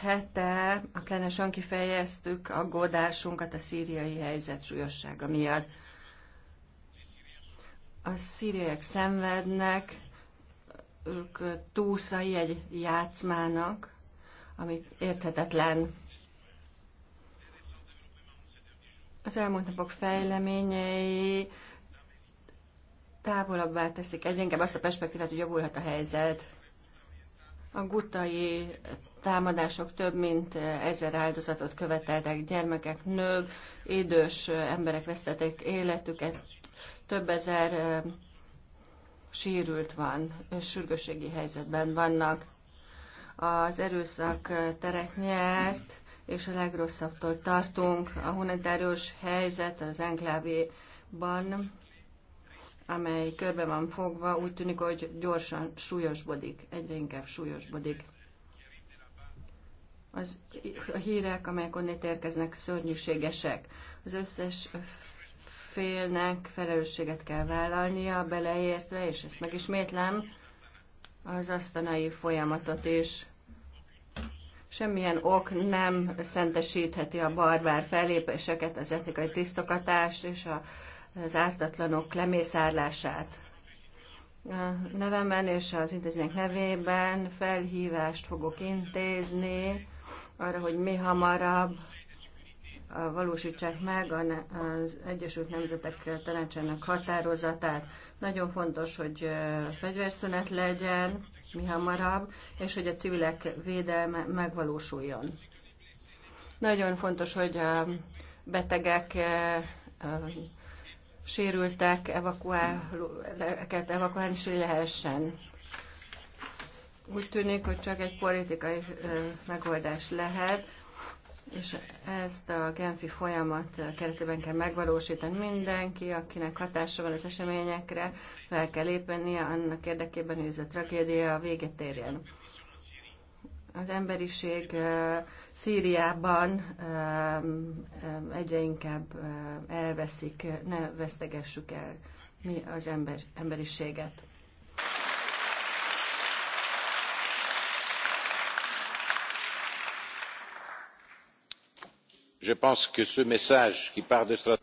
hete a plenáson kifejeztük aggódásunkat a szíriai helyzet súlyossága miatt. A szíriek szenvednek, ők túszai egy játszmának, amit érthetetlen. Az elmúlt napok fejleményei távolabbá teszik egyre inkább azt a perspektívát, hogy javulhat a helyzet. A gutai támadások több mint ezer áldozatot követeltek, gyermekek, nők, idős emberek vesztették életüket, több ezer sérült van, sürgősségi helyzetben vannak. Az erőszak teret nyert, és a legrosszabbtól tartunk. A humanitárius helyzet az enklávéban amely körbe van fogva, úgy tűnik, hogy gyorsan súlyosbodik, egyre inkább súlyosbodik. Az, a hírek, amelyek onnét érkeznek, szörnyűségesek. Az összes félnek felelősséget kell vállalnia, beleértve, és ezt megismétlem, az asztanai folyamatot is. Semmilyen ok nem szentesítheti a barbár fellépéseket, az etnikai tisztogatást és a az ártatlanok lemészárlását. A nevemben és az intézmények nevében felhívást fogok intézni arra, hogy mi hamarabb valósítsák meg az Egyesült Nemzetek Tanácsának határozatát. Nagyon fontos, hogy fegyverszünet legyen mi hamarabb, és hogy a civilek védelme megvalósuljon. Nagyon fontos, hogy a betegek sérültek evakuáleket evakuálni is lehessen. Úgy tűnik, hogy csak egy politikai megoldás lehet, és ezt a Genfi folyamat keretében kell megvalósítani mindenki, akinek hatása van az eseményekre, fel kell lépnie annak érdekében, hogy ez a tragédia véget érjen. Az emberiség Szíriában egyre inkább elveszik, ne vesztegessük el mi az ember, emberiséget.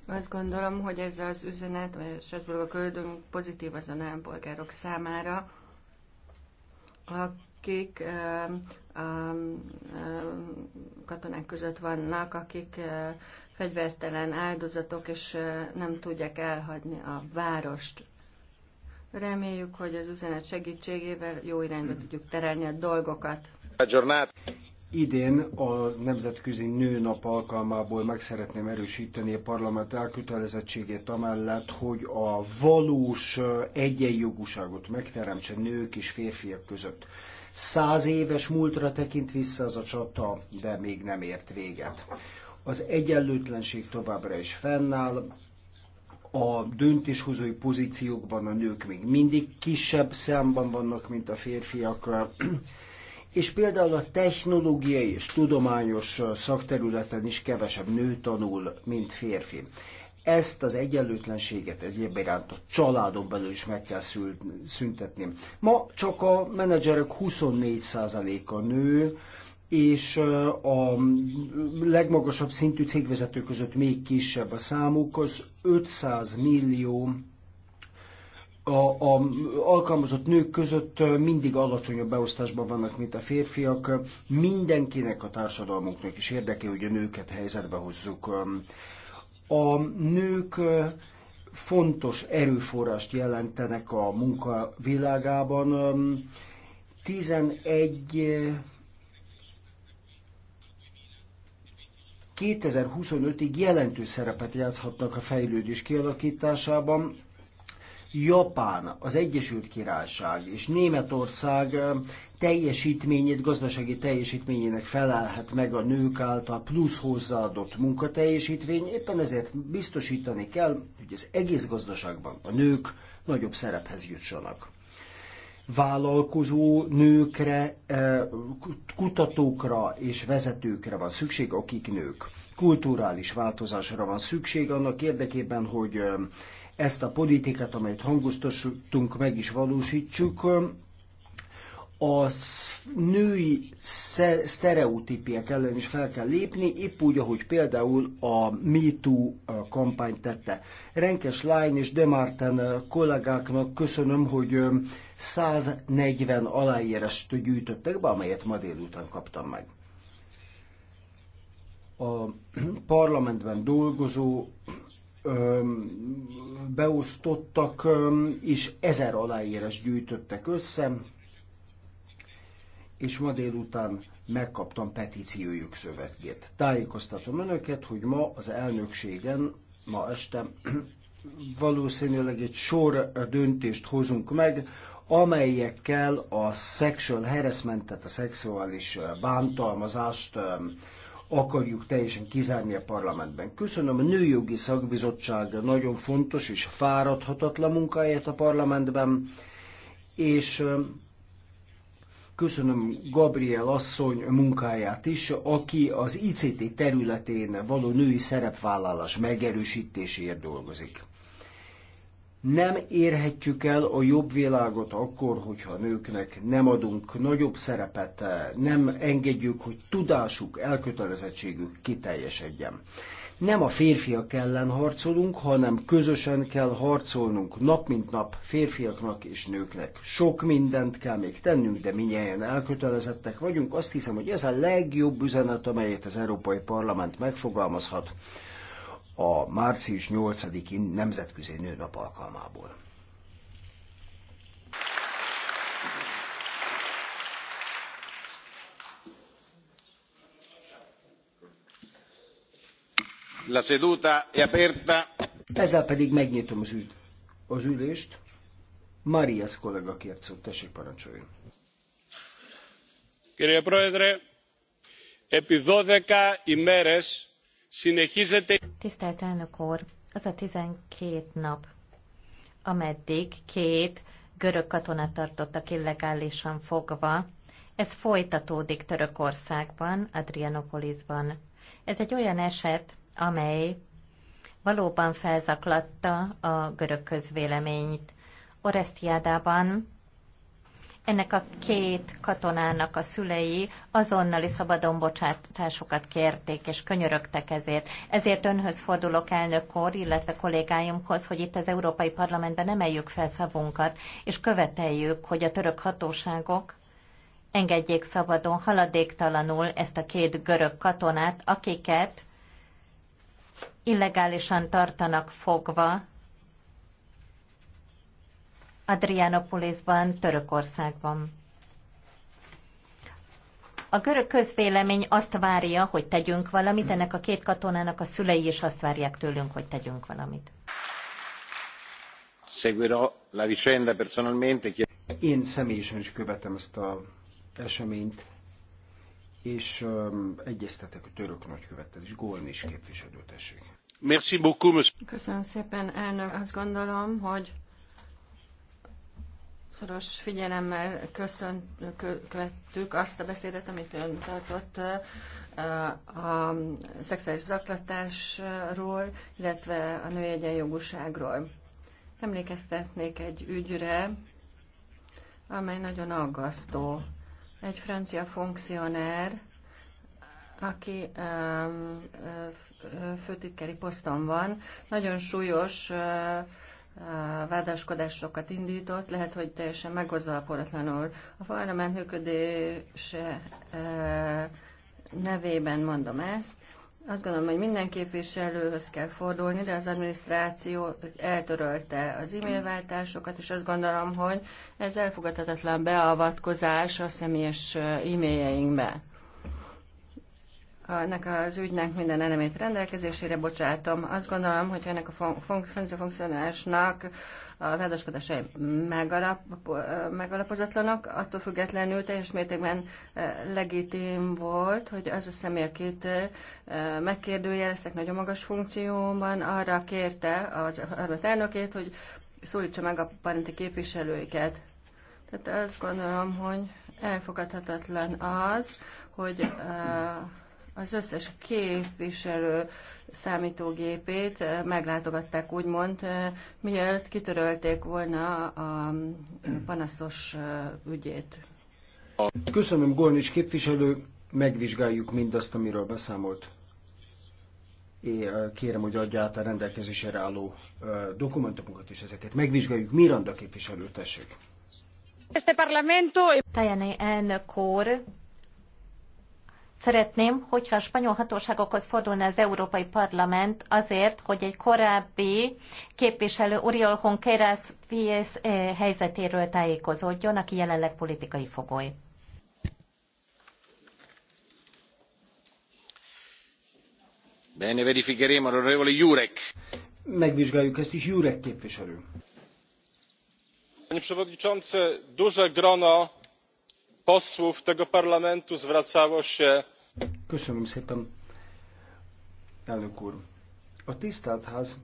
azt gondolom hogy ez az üzenet Strasbourg a köldön, pozitív az polgárok számára akik a katonák között vannak, akik e, fegyvertelen áldozatok, és e, nem tudják elhagyni a várost. Reméljük, hogy az üzenet segítségével jó irányba tudjuk terelni a dolgokat. Idén a Nemzetközi Nőnap alkalmából meg szeretném erősíteni a parlament elkötelezettségét amellett, hogy a valós egyenjogúságot megteremtse nők és férfiak között. Száz éves múltra tekint vissza az a csata, de még nem ért véget. Az egyenlőtlenség továbbra is fennáll, a döntéshozói pozíciókban a nők még mindig kisebb számban vannak, mint a férfiak és például a technológiai és tudományos szakterületen is kevesebb nő tanul, mint férfi. Ezt az egyenlőtlenséget egyéb iránt a családon belül is meg kell szüntetni. Ma csak a menedzserek 24%-a nő, és a legmagasabb szintű cégvezetők között még kisebb a számuk, az 500 millió a, a alkalmazott nők között mindig alacsonyabb beosztásban vannak, mint a férfiak. Mindenkinek a társadalmunknak is érdeke, hogy a nőket helyzetbe hozzuk. A nők fontos erőforrást jelentenek a munka világában. 11 2025-ig jelentős szerepet játszhatnak a fejlődés kialakításában, Japán, az Egyesült Királyság és Németország teljesítményét, gazdasági teljesítményének felelhet meg a nők által plusz hozzáadott munkateljesítvény. éppen ezért biztosítani kell, hogy az egész gazdaságban a nők nagyobb szerephez jutsanak vállalkozó nőkre, eh, kutatókra és vezetőkre van szükség, akik nők. Kulturális változásra van szükség annak érdekében, hogy eh, ezt a politikát, amelyet hangoztatunk, meg is valósítsuk, a női sztereotípiek ellen is fel kell lépni, épp úgy, ahogy például a MeToo eh, kampány tette. Renkes Lány és Demarten eh, kollégáknak köszönöm, hogy 140 eh, aláírást gyűjtöttek be, amelyet ma délután kaptam meg. A parlamentben dolgozó beosztottak, és ezer aláírás gyűjtöttek össze, és ma délután megkaptam petíciójuk szövegét. Tájékoztatom önöket, hogy ma az elnökségen, ma este valószínűleg egy sor döntést hozunk meg, amelyekkel a sexual harassmentet, a szexuális bántalmazást akarjuk teljesen kizárni a parlamentben. Köszönöm a Nőjogi Szakbizottság nagyon fontos és fáradhatatlan munkáját a parlamentben, és Köszönöm Gabriel asszony munkáját is, aki az ICT területén való női szerepvállalás megerősítéséért dolgozik. Nem érhetjük el a jobb világot akkor, hogyha a nőknek nem adunk nagyobb szerepet, nem engedjük, hogy tudásuk, elkötelezettségük kiteljesedjen. Nem a férfiak ellen harcolunk, hanem közösen kell harcolnunk nap mint nap férfiaknak és nőknek. Sok mindent kell még tennünk, de minnyáján elkötelezettek vagyunk. Azt hiszem, hogy ez a legjobb üzenet, amelyet az Európai Parlament megfogalmazhat a március 8-i nemzetközi nőnap alkalmából. La seduta è aperta. Ezzel pedig megnyitom az, ügy, az ülést. Marias kollega kért szót, tessék parancsoljon. Κύριε Πρόεδρε, επί 12 ημέρες συνεχίζεται... Tisztelt elnök úr, az a 12 nap, ameddig két görög katonát tartottak illegálisan fogva, ez folytatódik Törökországban, Adrianopolisban. Ez egy olyan eset, amely valóban felzaklatta a görög közvéleményt. Oresztiádában ennek a két katonának a szülei azonnali szabadon bocsátásokat kérték, és könyörögtek ezért. Ezért önhöz fordulok elnök úr, illetve kollégáimhoz, hogy itt az Európai Parlamentben emeljük fel szavunkat, és követeljük, hogy a török hatóságok engedjék szabadon haladéktalanul ezt a két görög katonát, akiket illegálisan tartanak fogva Adrianopolisban, Törökországban. A görög közvélemény azt várja, hogy tegyünk valamit, ennek a két katonának a szülei is azt várják tőlünk, hogy tegyünk valamit. Én személyesen is követem ezt az eseményt és um, egyeztetek a török nagykövettel is, is képviselő tessék. Merci beaucoup, monsieur. Köszönöm szépen, elnök. Azt gondolom, hogy szoros figyelemmel köszönt, követtük azt a beszédet, amit ön tartott a szexuális zaklatásról, illetve a női egyenjogúságról. Emlékeztetnék egy ügyre, amely nagyon aggasztó egy francia funkcionár, aki um, főtitkeri poszton van, nagyon súlyos uh, vádaskodásokat indított, lehet, hogy teljesen meghozzalapolatlanul a parlament működése nevében mondom ezt, azt gondolom, hogy minden képviselőhöz kell fordulni, de az adminisztráció eltörölte az e-mail váltásokat, és azt gondolom, hogy ez elfogadhatatlan beavatkozás a személyes e-mailjeinkbe ennek az ügynek minden elemét rendelkezésére bocsátom. Azt gondolom, hogy ennek a funkcionálásnak a vádaskodásai megalap, megalapozatlanak, attól függetlenül teljes mértékben e, legitim volt, hogy az a személy, akit e, megkérdőjeleztek nagyon magas funkcióban, arra kérte az arra elnökét, hogy szólítsa meg a parenti képviselőiket. Tehát azt gondolom, hogy elfogadhatatlan az, hogy uh, az összes képviselő számítógépét eh, meglátogatták, úgymond, eh, mielőtt kitörölték volna a panaszos eh, ügyét. Köszönöm, Golnis képviselő, megvizsgáljuk mindazt, amiről beszámolt. Én kérem, hogy adja át a rendelkezésére álló dokumentumokat és ezeket. Megvizsgáljuk. Miranda képviselő, tessék. Tajani elnök úr, Szeretném, hogyha a spanyol hatóságokhoz fordulna az Európai Parlament azért, hogy egy korábbi képviselő Uriol Honqueras Fies eh, helyzetéről tájékozódjon, aki jelenleg politikai fogoly. Bene, verificheremo, onorevole Jurek. Megvizsgáljuk ezt is, Jurek képviselő. Panie przewodniczący, duże grono posłów tego parlamentu zwracało się. Köszönöm szépen, elnök úr. A tisztelt ház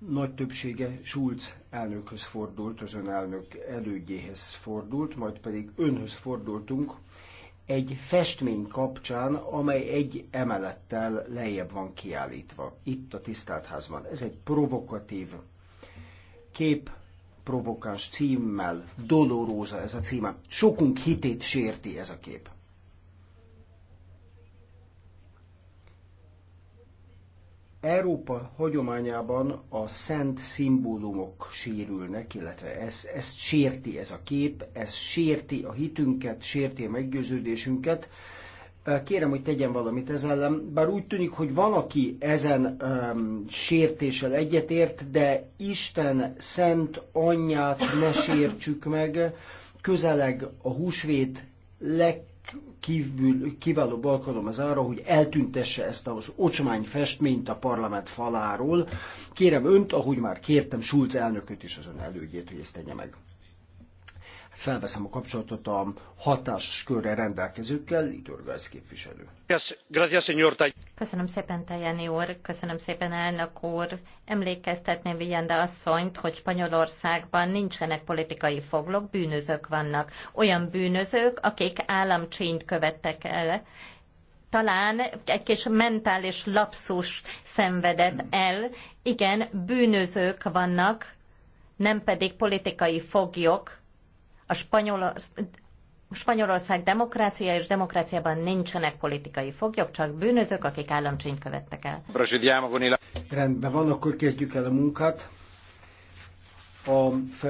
nagy többsége Schulz elnökhöz fordult, az ön elnök elődjéhez fordult, majd pedig önhöz fordultunk egy festmény kapcsán, amely egy emelettel lejjebb van kiállítva, itt a tisztelt házban. Ez egy provokatív kép, provokáns címmel, Doloróza ez a címe. Sokunk hitét sérti ez a kép. Európa hagyományában a szent szimbólumok sérülnek, illetve ez, ezt sérti ez a kép, ez sérti a hitünket, sérti a meggyőződésünket, Kérem, hogy tegyen valamit ez ellen, bár úgy tűnik, hogy van, aki ezen um, sértéssel egyetért, de Isten szent anyját ne sértsük meg, közeleg a húsvét legkívül, kiválóbb alkalom az arra, hogy eltüntesse ezt az ocsmány festményt a parlament faláról. Kérem önt, ahogy már kértem Schulz elnököt is az ön elődjét, hogy ezt tegye meg felveszem a kapcsolatot a hatáskörre rendelkezőkkel, Liturgász képviselő. Köszönöm szépen, Tajani úr, köszönöm szépen, elnök úr. Emlékeztetném Vigyende asszonyt, hogy Spanyolországban nincsenek politikai foglok, bűnözők vannak. Olyan bűnözők, akik államcsínt követtek el, talán egy kis mentális lapszus szenvedett el. Igen, bűnözők vannak, nem pedig politikai foglyok, a spanyol, Spanyolország demokrácia, és demokráciában nincsenek politikai foglyok, csak bűnözők, akik államcsényt követtek el. Rendben van, akkor kezdjük el a munkát. A